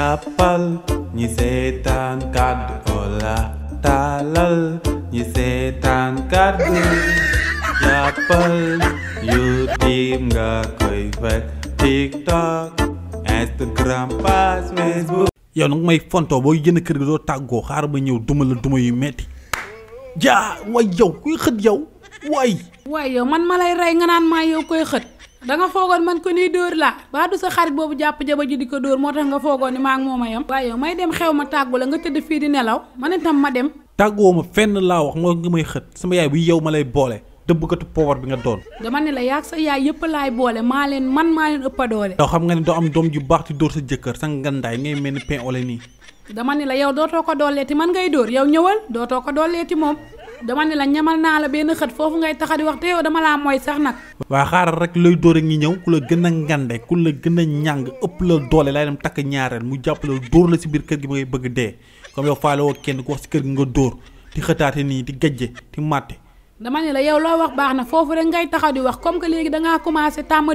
ñàppal ñi seetaan kàddu Olla taalal yow nag may fontoo booy jënd kër gi doo tàggoo xaar ba ñëw duma la duma yu metti jaa waay yow kuy xët yow waay waay yow man ma lay rey nga naan maa yow koy xët danga foogoon man ko nii dóor laa baa du sa xarit boobu jàpp jaba ji di ko dóor moo tax nga foogoon ni maa ngi moo ma yam waaye yow may dem xew ma tàggu la nga tëdd fii di nelaw man itam ma dem tàggoo ma fenn laa wax nga nga may xët sama yaay bu yow ma lay boole dëbbkatu poobar bi nga doon dama ne la yaag sa yaay yëpp laay boole maa leen man maa leen ëpp a doole doo xam nga ne doo am doom ju baax ci dóor sa jëkkër sa ngandaay ngay mel ni pain au lait nii dama ne la yow dootoo ko dooleeti man ngay dóor yow ñëwal dootoo ko dooleeti moom dama ne la ñamal naa la benn xët foofu ngay taxa di wax te yow dama laa mooy sax nag. waa xaaral rek lay door a ngi ñëw ku la gën a ngande ku la gën a ñàng ëpp la doole laay dem takk ñaareel mu jàpp la dóor si biir kër gi ba bëgg dee comme yow faale woo kenn ku wax si kër gi nga dóor di xëtaate nii di gajje di màtte. dama ne la yow loo wax baax na foofu rek ngay taxa di wax comme que léegi dangaa commencé tàmm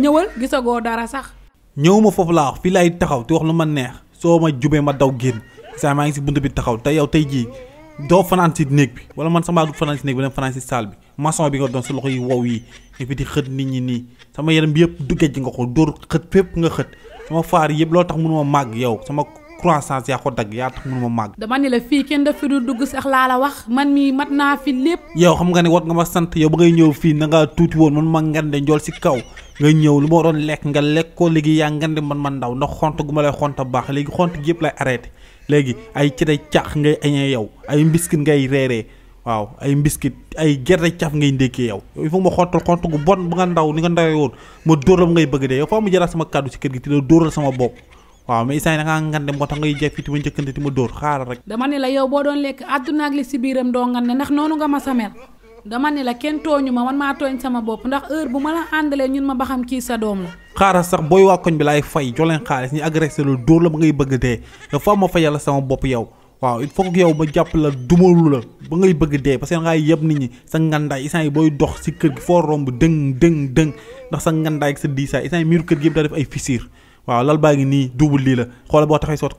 ñëwal gisagoo dara sax. ñëwuma foofu laa wax fii laay taxaw ti wax lu ma neex soo ma jubee ma daw génn sax maa ngi si bunt bi taxaw te yow tey jii doo fanaan si néeg bi wala man sama du fanaan si néeg bi dem fanaan si saal bi maçon bi nga doon sa loxo yi wow yi et puis di xët nit ñi nii sama yaram bi yëpp duggee ji nga ko dóor xët fépp nga xët sama faar yëpp loo tax mënuma màgg yow sama croissance yaa ko dagg yaa tax mënuma màgg dama ne la fii kenn daf fi du dugg sax laa la wax man mi mat naa fi lépp yow xam nga ne war nga ma sant yow ba ngay ñëw fii nanga tuuti woon man ma ngande njool si kaw nga ñëw lu ma doon lekk nga lekk léegi yaa man man ndaw ndax xont ma lay xont baax léegi xont yëpp lay arrêté léegi ay cere caax ngay añee yow ay mbiskit ngay reeree waaw ay mbiskit ay gerte caf ngay ndékkee yow il faut ma xontal gu bon ba ndaw ni nga ndawee woon ma dóoral ngay bëgg de yow faa mu jaraa sama kàddu ci kër gi te dóoral sama bopp waaw mais isaan yi da ngaa ngande moo tax ngay jekk fii ti ma njëkkante ti ma dóor xaaral rek dama ne la yow boo doon lekk àdduna ak li si biiram doo ngande ndax noonu nga ma samel dama ne la kenn tooñu ma man maa tooñ sama bopp ndax heure bu ma la àndalee ñun ma ba xam kii sa doom la xaaral sax booy waa koñ bi laay fay jox leen xaalis ñu agressé la dóor la ba ngay bëgg dee nga fa ma fayal la sama bopp yow waaw il faut que yow ma jàpp la dumalu la ba ngay bëgg dee parce que nga yeb nit ñi sa ngandaay yi booy dox si kër gi foo romb dëng dëng ndax sa ngandaay ak sa diisaay isaan yi kër gi yëpp ay fissure waaw lal baa ngi nii double lii la xoolal boo taxee soot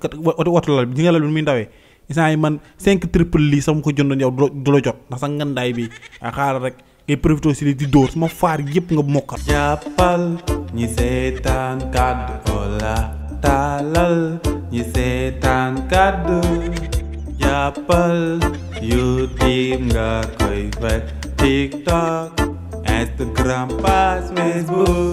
watu lal bi ñi nga lal muy ndawee instant yi man cinq triple lii sama ko jëndoon yow du la jot ndax sa ngandaay bi a xaaral rek ngay profité aussi di dóor ma faar yëpp nga mokkal jàppal ñi seetaan kàddu wala taalal ñi nga koy fekk tiktok instagram pass facebook